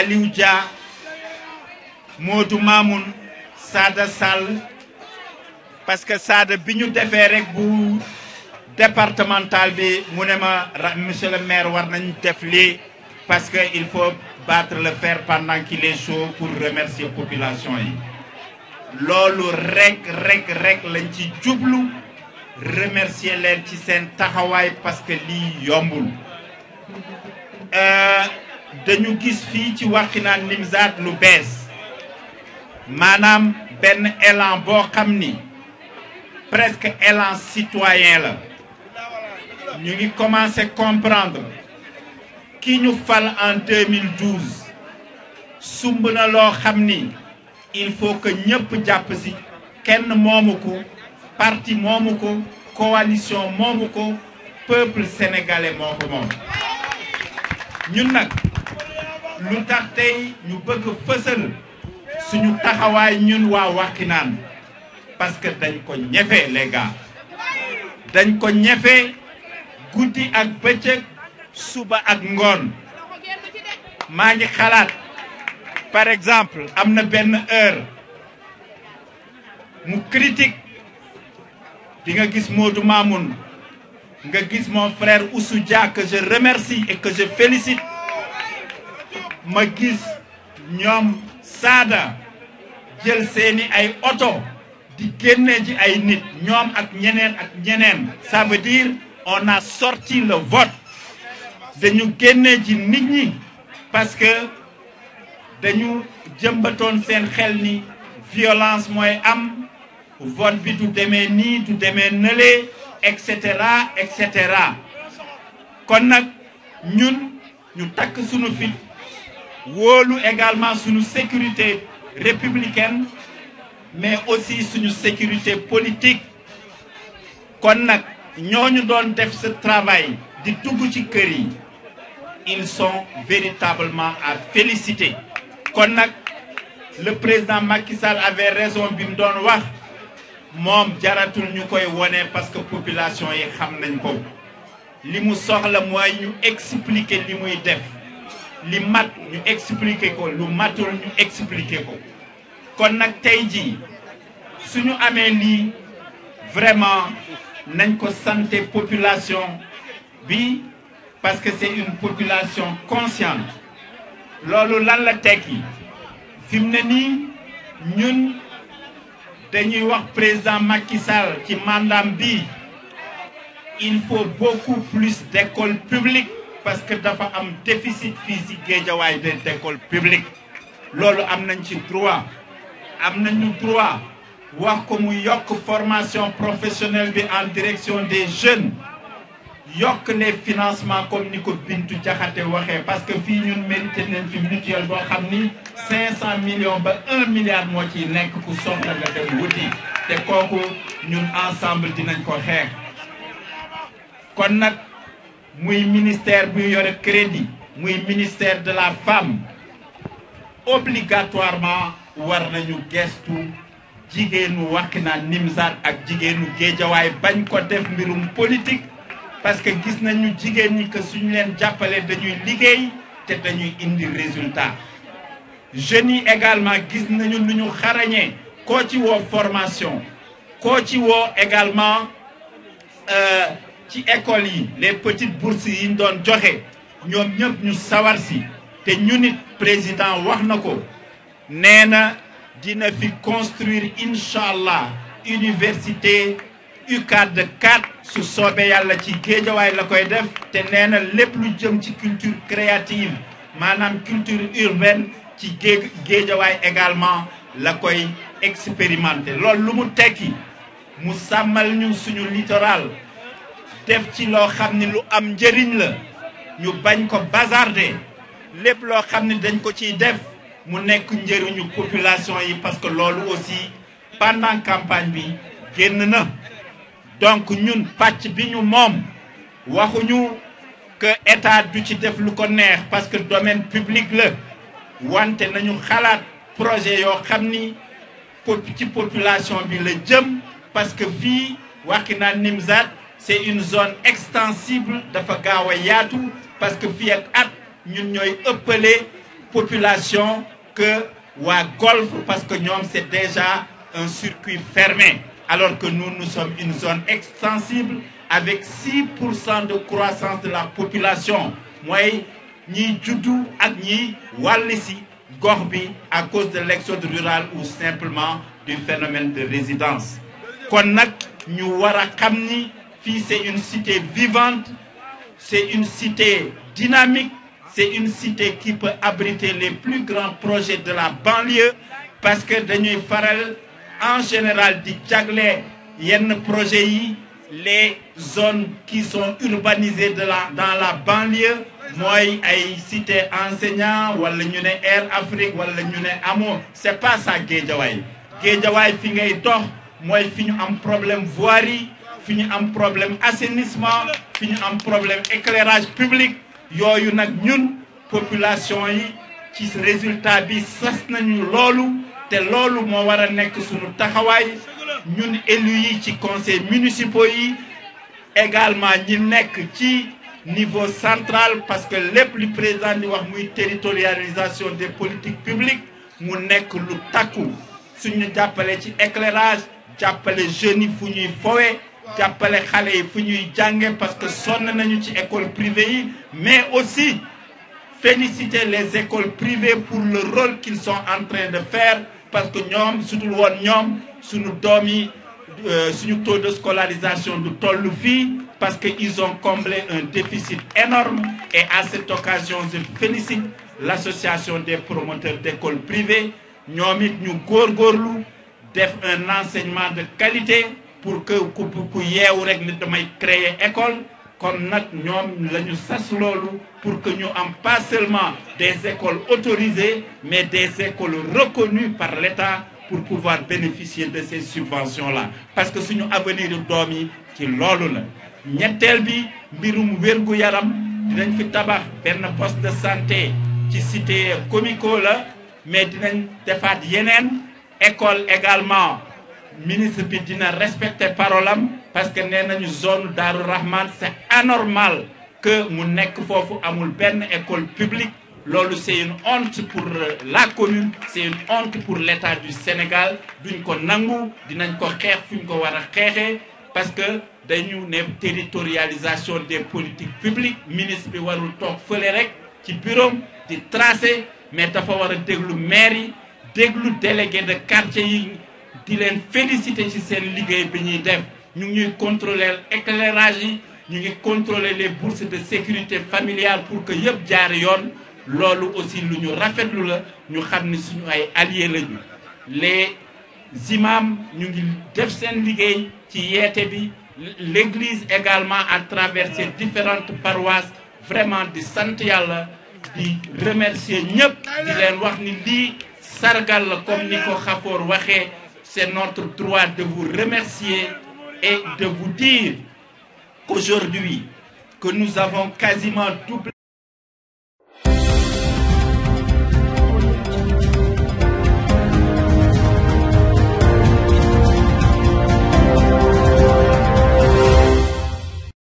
Aliou Mamoun Sada Sal, parce que Sada de ñu defee rek départemental bi monsieur le maire war nañ parce que il faut battre le fer pendant qu'il est chaud pour remercier la population Lolo, loolu rek rek rek lañ ci remercier lenti ci parce que li yombul euh, dañu gis fii ci Wakhinane Nimzatt lu bees maanaam benn élan boo xam presque élan citoyen la ñu ngi à comprendre qu'il nous fal en 2012 sumb na loo il faut que nous puissions si kenn moomu parti Momoko, coalition Momoko, peuple sénégalais Momoko. lu tax tey ñu bëgg fësal suñu taxawaay ñun waa Wakhinane parce que dañ ko ñefe les gars dañ ko ñefe guddi ak bëccëg suba ak ngoon maa ngi xalaat par exemple am na benn heure mu critique bi nga gis Modou Mamoun nga gis mon frère Oussou Dia que je remercie et que ma gis ñom sada jël seeni ay auto di génné ci ay nit ñom ak ñeneen ak ñeneen ça veut dire on a sorti le vote dañu génné ci nit ñi parce que dañu jëmbatoon seen xel ni violence moy am vote bi du demee ni du demee nele etc etc kon nak ñun ñu tak suñu fil Wolu également suñu sécurité républicaine mais aussi suñu sécurité politique kon nous nous doon ce travail de tout ci ils sont véritablement à féliciter Quand le président Macky Sall avait raison de nous doon wax jaratul ñukoy woné parce que population yi xam nañ ko limu soxla ñu expliquer def li mat nous expliquer ko lu matul ñu expliquer ko kon nous suñu vraiment nañ santé population bi parce que c'est une population consciente Lors lan la tekki si nous nous nous ñun dañuy président Macky Sall il faut beaucoup plus d'écoles publiques parce que dafa am déficit physique si géejawaay des écoles publiques am nañ ci droit am nañu droit wax ko mu yok formation professionnelle bi en direction des jeunes yok né financement comme ni ko Bintu jaxaté waxé parce que fi ñun mérité nañ fi mutuelle boo xam 500 millions ba 1 milliard mo ci nekk ku soxla nga dem wuti té koku ñun ensemble dinañ ko xéx kon nak muy ministère bu la crédit muy ministère de la femme obligatoirement war nous gestu nous dire que ak devons nous dire ko def mbirum politique parce que gis nañu que dañuy indi résultat Je également gis nañu formation nous ci également euh, ci école yi les petites bourses yi ñu doon joxe ñom ñep ñu sawar si te ñu nit président wax nako néna dina fi construire inshallah université UCAD de 4 su soobee yalla ci géejawaay la koy def té néna lepp lu jëm ci culture créative manam culture urbaine ci géej géejawaay également la koy expérimenter lool lu mu tekki mu samal ñu suñu littoral def ci loo xamni lu am njëriñ la ñu bañ ko bazarder lepp lo xamni dañ ko ci def mu nekk njëriñu population yi parce que lolu aussi pendant campagne bi génn na donc ñun patch bi ñu waxu ñu que état du ci def lu ko neex parce que domaine public le wante nañu xalaat projet yo xamni ci population bi la jëm parce que fi waxina Nimzatt c'est une zone extensible de Faka parce que nous ak appelé population que wa golf parce que nous, c'est déjà un circuit fermé alors que nous nous sommes une zone extensible avec 6 de croissance de la population Moi, ni juddu ak ñiy à cause de l'exode rural ou simplement du phénomène de résidence c'est une cité vivante c'est une cité dynamique c'est une cité qui peut abriter les plus grands projets de la banlieue parce que dañuy Farrell, en général il y a projet projets, les zones qui sont urbanisées de la dans la banlieue moi, une cité enseignant ou ñu ne Air Afrique wala ñu Amour, ce c'est pas ça Guédiawaye Guédiawaye fi ngay a un problème voirie Fini un am problème assainissement fini un am problème éclairage public y a ñun population yi ci résultat bi sass nañu lolu té lolu mo wara a nekk suñu taxawaay ñun élu yi ci conseil municipal. yi également ñi nekk ci niveau central parce que le plus président di wax muy territorialisation des politiques publiques mu nekk lu takku suñu jappalé ci éclairage jappalé jeunes yi fu ñuy fowe je les yi parce que son école privée mais aussi féliciter les écoles privées pour le rôle qu'ils sont en train de faire parce que nous, sommes euh, taux de scolarisation de tollu parce qu'ils ont comblé un déficit énorme et à cette occasion je félicite l'association des promoteurs d'écoles privées nous avons ñu un enseignement de qualité pour que ku ku rek nit damay créer école comme nak ñom lañu sass pour que nous am pas seulement des écoles autorisées mais des écoles reconnues par l'État pour pouvoir bénéficier de ces subventions là parce que suñu avenir yu doom ci lolu la ñettel bi mbirum wérgu yaram dinañ fi tabax un poste de santé ci cité comico la mais dinañ defaat yenen école également ministre bi dina respecter parole parce que nee une zone Darou Rahman c'est anormal que mu nek fofu amul une école publique c'est une honte pour euh, la commune c'est une honte pour l'État du Sénégal duñ ko nangu dinañ ko xeex fuñ ko parce que dañu né territorialisation des politiques publiques ministre bi warul tok feulé rek ci bureau di tracer mais dafa wara a déglu maire yi déglu délégué de quartier di féliciter ci sen liggéey bi ñuy def ñu ngi contrôler éclairage ñu ngi contrôler les bourses de sécurité familiale pour que yeb jaar yoon lolu aussi lu ñu rafetlu la ñu xamni suñu ay alliés lañu les imams ñu ngi def sen liggéey ci yété bi l'église également à travers ses différentes paroisses vraiment di sante yalla di remercier ñep di len wax ni li sargal comme niko ko waxé c'est notre droit de vous remercier et de vous dire qu'aujourd'hui, que nous avons quasiment doublé